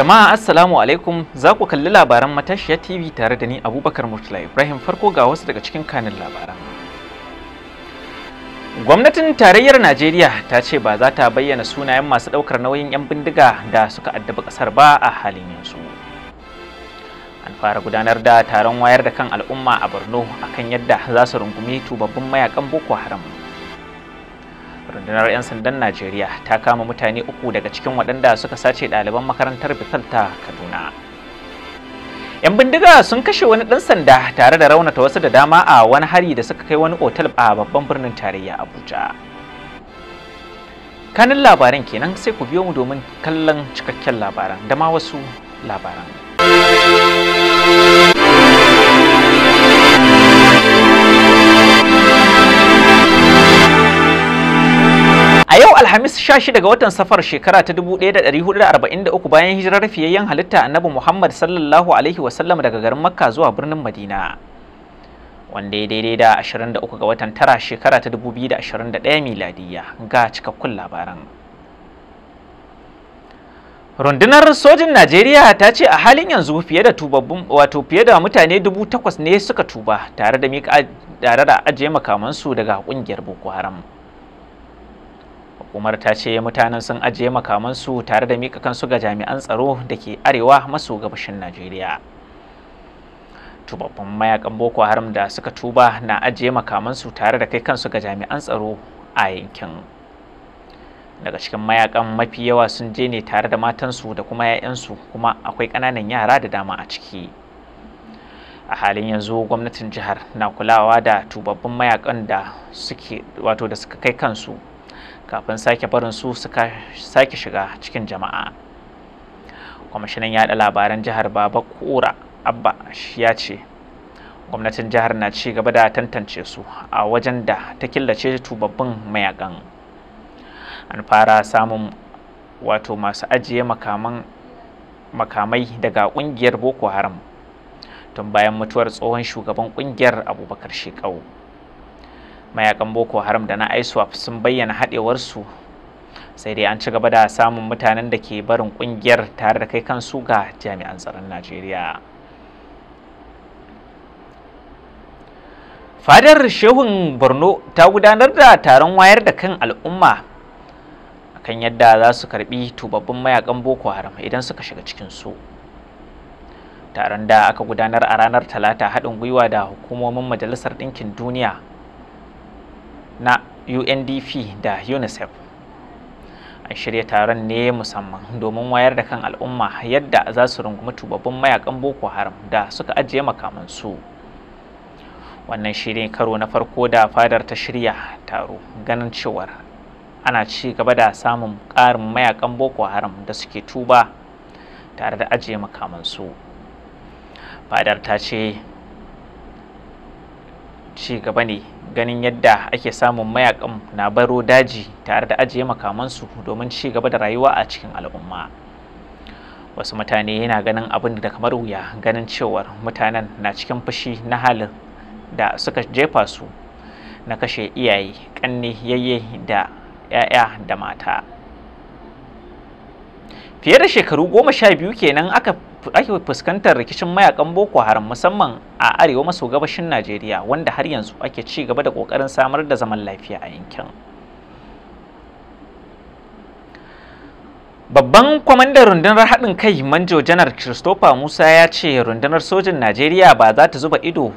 Jama'a Assalamu alaikum za ku kalli labaran matashiya TV tare da ni Abubakar Murtala Ibrahim farko ga wasu daga cikin kanin labaran. Gwamnatin tarayyar Najeriya ta ce ba za ta bayyana sunayen masu ɗaukar nauyin 'yan bindiga da suka addabi ƙasar ba a halin yanzu. An fara gudanar da taron wayar da kan al'umma a Borno akan yadda za su rungumi tubabbin mayakan Boko Haram. rundunar 'yan sandan najeriya ta kama mutane uku daga cikin waɗanda suka sace ɗaliban makarantar bithal ta kaduna 'yan bindiga sun kashe wani ɗan sanda tare da raunata wasu da dama a wani hari da suka kai wani otal a babban birnin tarayya abuja kanin labaran kenan sai ku biyo mu domin kallon cikakken labaran da ma wasu labaran Alhamis 16 daga watan safar shekara ta da da 1443 bayan hijirar fiyayyen halitta Annabi Muhammad sallallahu alaihi wasallam daga garin Makka zuwa birnin Madina. Wanda ya daidai da 23 ga watan tara shekara ta 2021 miladiya ga cikakkun labaran. Rundunar sojin Najeriya ta ce a halin yanzu fiye da tubabbun wato fiye da mutane dubu takwas ne suka tuba tare da ajiye makamansu daga kungiyar Boko Haram. Umar ta ce mutanen sun ajiye makamansu tare da mika kansu ga jami'an tsaro da ke arewa maso gabashin Najeriya. Tubabbin mayakan Boko Haram da suka tuba na ajiye makamansu tare da kai kansu ga jami'an tsaro a yankin. daga cikin mayakan mafi yawa sun je ne tare da matansu da kuma 'ya'yansu kuma akwai ƙananan yara da dama a ciki a halin yanzu gwamnatin jihar na kulawa da tubabbin mayakan da suke wato da suka kai kansu kafin sake barin su suka sake shiga cikin jama'a kwamishinan yaɗa labaran jihar baba kura abba ya ce gwamnatin jihar na ci gaba da tantance su a wajen da ta killace tubabbin mayakan an fara samun wato masu ajiye makamai daga ƙungiyar boko haram tun bayan mutuwar tsohon shugaban ƙungiyar abubakar shekau mayakan boko haram da na iswap sun bayyana haɗewarsu sai dai an ci gaba da samun mutanen da ke barin ƙungiyar tare da kai kansu ga jami'an tsaron najeriya fadar shehun borno ta gudanar da taron wayar da kan al'umma kan yadda za su karbi tubabbin mayakan boko haram idan suka shiga cikin su taron da aka gudanar a ranar talata haɗin gwiwa da hukumomin majalisar ɗinkin duniya na UNDP da UNICEF. An shirya taron ne musamman domin wayar da kan al'umma yadda za su rungumi tubabbin mayakan Boko Haram da suka ajiye makamansu. Wannan shirin karo na farko da fadar ta shirya taro ganin cewar ana ci gaba da samun ƙarin mayakan Boko Haram da suke tuba tare da ajiye makamansu. Fadar ta ce ci gaba ne ganin yadda ake samun mayakan na baro daji tare da ajiye makamansu domin ci gaba da rayuwa a cikin al'umma wasu mutane yana ganin abin da kamar wuya ganin cewar mutanen na cikin fushi na halin da suka jefa su na kashe iyaye kanne yayye da 'ya'ya da mata fiye da shekaru goma sha biyu kenan aka ake fuskantar rikicin mayakan Boko Haram musamman a arewa maso gabashin Najeriya wanda har yanzu ake ci gaba da kokarin samar da zaman lafiya a yankin. Babban kwamandan rundunar haɗin kai Manjo Janar Christopher Musa ya ce rundunar sojin Najeriya ba za ta zuba ido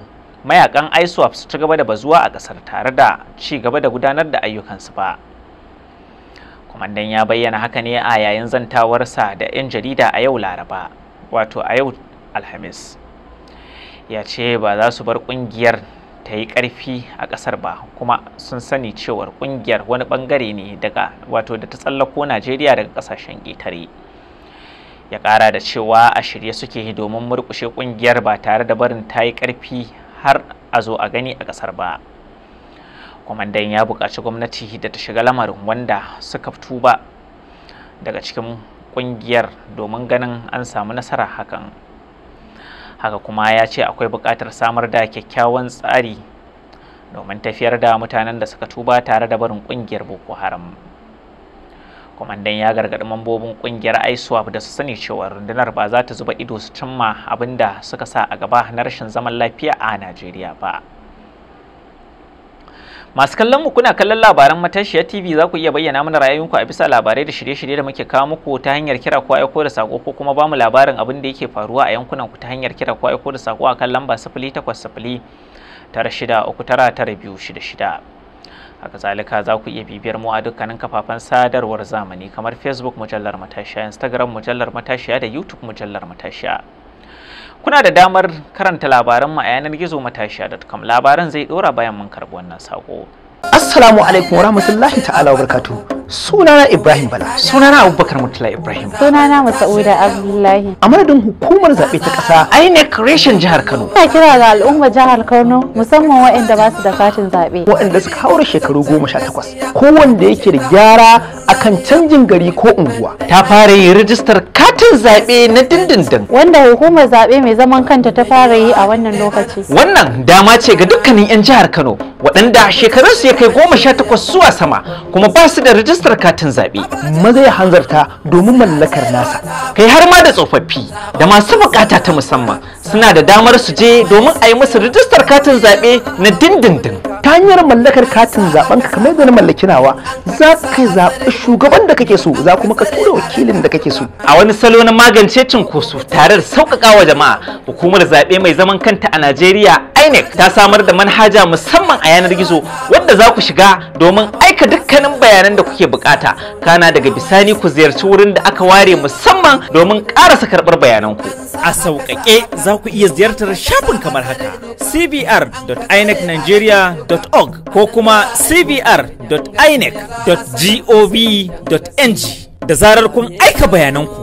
mayakan ISWAP su ci gaba da bazuwa a ƙasar tare da ci gaba da gudanar da ayyukansu ba. Kwamandan ya bayyana haka ne a yayin zantawarsa da 'yan jarida a yau Laraba. wato a yau alhamis ya ce ba za su bar kungiyar ta yi ƙarfi a ƙasar ba kuma sun sani cewar kungiyar wani bangare ne daga wato da ta tsallako najeriya daga kasashen ƙetare ya ƙara da cewa a shirye suke domin murƙushe kungiyar ba tare da barin ta yi ƙarfi har a zo a gani a ƙasar ba kwamandan ya buƙaci gwamnati da ta shiga lamarin wanda suka tuba daga cikin kungiyar domin ganin an samu nasara hakan haka kuma ya ce akwai buƙatar samar da kyakkyawan tsari domin tafiyar da mutanen da suka tuba tare da barin kungiyar boko haram kwamandan ya gargaɗi mambobin kungiyar iswap da su sani cewa rundunar ba za ta zuba ido su cimma abin da suka sa a gaba na rashin zaman lafiya a najeriya ba Masu kallon mu kuna kallon labaran matashiya TV za ku iya bayyana mana ra'ayoyinku a bisa labarai da shirye-shirye da muke kawo muku ta hanyar kira ko aiko da sako ko kuma bamu labarin abin da yake faruwa a yankunan ku ta hanyar kira ko aiko da sako kan lamba 0800 tara shida uku tara tara shida shida. Haka zalika za ku iya bibiyar mu a dukkanin kafafen sadarwar zamani kamar Facebook mujallar matashiya, Instagram mujallar matashiya da YouTube mujallar matashiya. Kuna da damar karanta labaran mu a yanar gizo matashiya.com labaran zai dora bayan mun karɓi wannan sako. Assalamu alaikum warahmatullahi ta'ala wabarakatuh. sunana ibrahim bala sunana abubakar mutula ibrahim sunana masauda abdullahi a madadin hukumar zaɓe ta ƙasa inec reshen jihar kano ina kira ga al'ummar jihar kano musamman waɗanda ba su da katin zaɓe waɗanda suka haura shekaru goma sha takwas ko yake da gyara akan canjin gari ko unguwa ta fara yi rijistar katin zaɓe na dindindin wanda hukumar zaɓe mai zaman kanta ta fara yi a wannan lokaci wannan dama ce ga dukkanin 'yan jihar kano waɗanda shekarunsu ya kai goma sha takwas zuwa sama kuma ba su da rijistar rajistar katin zaɓe maza ya hanzarta domin mallakar nasa kai har ma da tsofaffi da masu bukata ta musamman suna da damar su je domin a yi musu rijistar katin zaɓe na dindindin ta hanyar mallakar katin zaben ka kamar da na mallaki nawa za ka zaɓi shugaban da kake so za kuma ka tura wakilin da kake so a wani salo na magance cinkoso tare da sauƙaƙa wa jama'a hukumar zaɓe mai zaman kanta a najeriya INEC ta samar da manhaja musamman a yanar gizo wadda za ku shiga domin aika dukkanin bayanan da kuke bukata kana daga bisani ku ziyarci wurin da aka ware musamman domin karasa karbar bayananku a sauƙaƙe za ku iya ziyartar shafin kamar haka cbr.inecnigeria.org ko kuma cbr.inec.gov.ng da zarar kun aika bayananku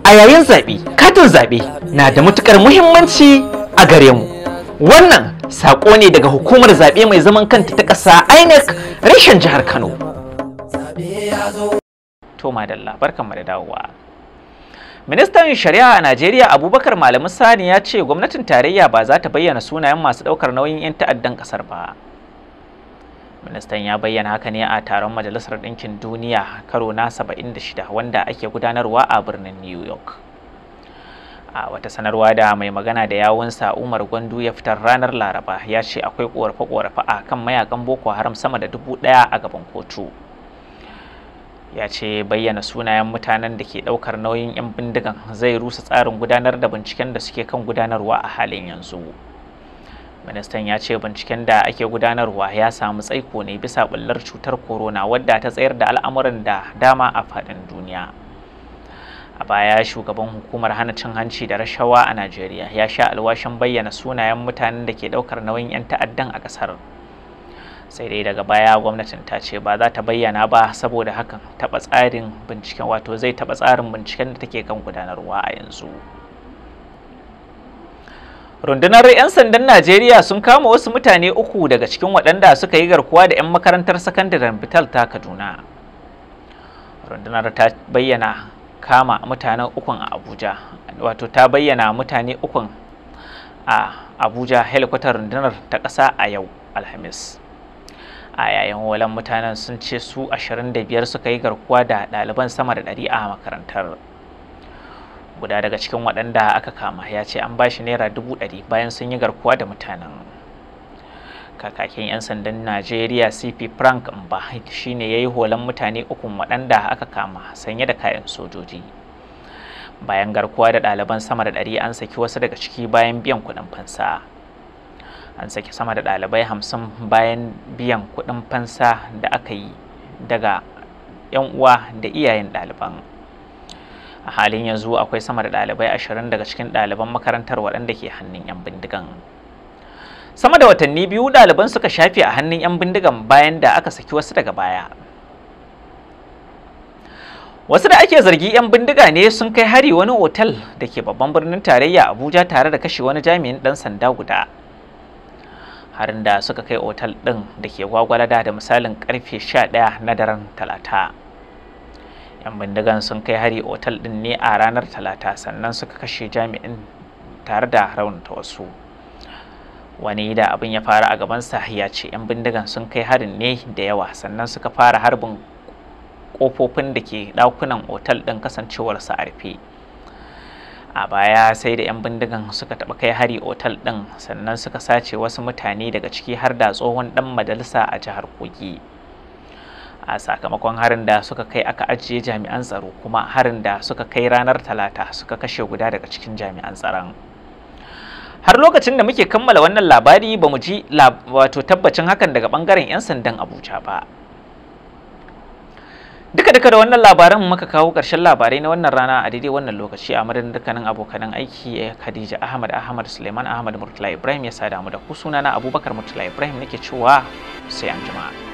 a yayin zaɓe katin zaɓe na da matuƙar muhimmanci a gare mu wannan saƙo ne daga hukumar zaɓe mai zaman kanta ta ƙasa inec reshen jihar kano to da dawowa ministan shari'a a najeriya abubakar malamu sani ya ce gwamnatin tarayya ba za ta bayyana sunayen masu ɗaukar nauyin 'yan ta'addan ƙasar ba ministan ya bayyana haka ne a taron majalisar ɗinkin duniya karo na 76 wanda ake gudanarwa a birnin new york a wata sanarwa da mai magana da yawunsa umar gwandu ya fitar ranar laraba ya ce akwai korafe-korafe a kan mayakan boko haram sama da dubu ɗaya a gaban kotu ya ce bayyana sunayen mutanen da ke ɗaukar nauyin 'yan bindigan zai rusa tsarin gudanar da binciken da suke kan gudanarwa a halin yanzu. ministan ya ce binciken da ake gudanarwa ya samu tsaiko ne bisa bullar cutar corona wadda ta tsayar da al'amuran da dama a faɗin duniya a baya shugaban hukumar hana cin hanci da rashawa a najeriya ya sha alwashin bayyana sunayen mutanen da ke ɗaukar nauyin 'yan ta'addan a ƙasar sai dai daga baya gwamnatin ta ce ba za ta bayyana ba saboda hakan taɓa tsarin binciken wato zai taɓa tsarin binciken da take kan gudanarwa a yanzu. Rundunar 'yan sandan Najeriya sun kama wasu mutane uku daga cikin waɗanda suka yi garkuwa da 'yan makarantar sakandaren Bital ta Kaduna. Rundunar ta bayyana kama mutanen ukun a Abuja, wato ta bayyana mutane ukun a Abuja helikwatar rundunar ta ƙasa a yau Alhamis. A yayin walan mutanen sun ce su 25 suka yi garkuwa da ɗaliban sama da ɗari a makarantar. guda daga cikin waɗanda aka kama ya ce an bashi naira dubu ɗari bayan sun yi garkuwa da mutanen kakakin 'yan sandan najeriya cp frank mba shine ya yi holan mutane uku waɗanda aka kama sanye da kayan sojoji bayan garkuwa da ɗaliban sama da ɗari an saki wasu daga ciki bayan biyan kuɗin fansa an saki sama da ɗalibai hamsin bayan biyan kuɗin fansa da aka yi daga 'yan uwa da iyayen ɗaliban a halin yanzu akwai sama da ɗalibai ashirin daga cikin ɗaliban makarantar waɗanda ke hannun 'yan bindigan sama da watanni biyu ɗaliban suka shafe a hannun 'yan bindigan bayan da aka saki wasu daga baya wasu da ake zargi 'yan bindiga ne sun kai hari wani otal da ke babban birnin tarayya abuja tare da kashe wani jami'in ɗan sanda guda harin da suka kai otal ɗin da ke gwagwalada da misalin karfe 11 na daren talata yan bindigan sun kai hari otal din ne a ranar talata sannan suka kashe jami'in tare da raunata wasu wani da abin ya fara a sa ya ce yan bindigan sun kai harin ne da yawa sannan suka fara harbin kofofin da ke dakunan otal din kasancewarsa a rufe a baya sai da 'yan bindigan suka taɓa kai hari otal ɗin sannan suka sace wasu mutane daga ciki har da tsohon ɗan majalisa a jihar kogi a sakamakon harin da suka kai aka ajiye jami'an tsaro kuma harin da suka kai ranar talata suka kashe guda daga cikin jami'an tsaron har lokacin da muke kammala wannan labari ba mu ji wato tabbacin hakan daga bangaren 'yan sandan abuja ba duka duka da wannan labaran muka kawo ƙarshen labarai na wannan rana a daidai wannan lokaci a madadin dukkanin abokanan aiki eh, khadija ahmad ahmad suleiman ahmad murtala ibrahim ya sada mu da ku sunana abubakar murtala ibrahim nake cewa sai an jima'a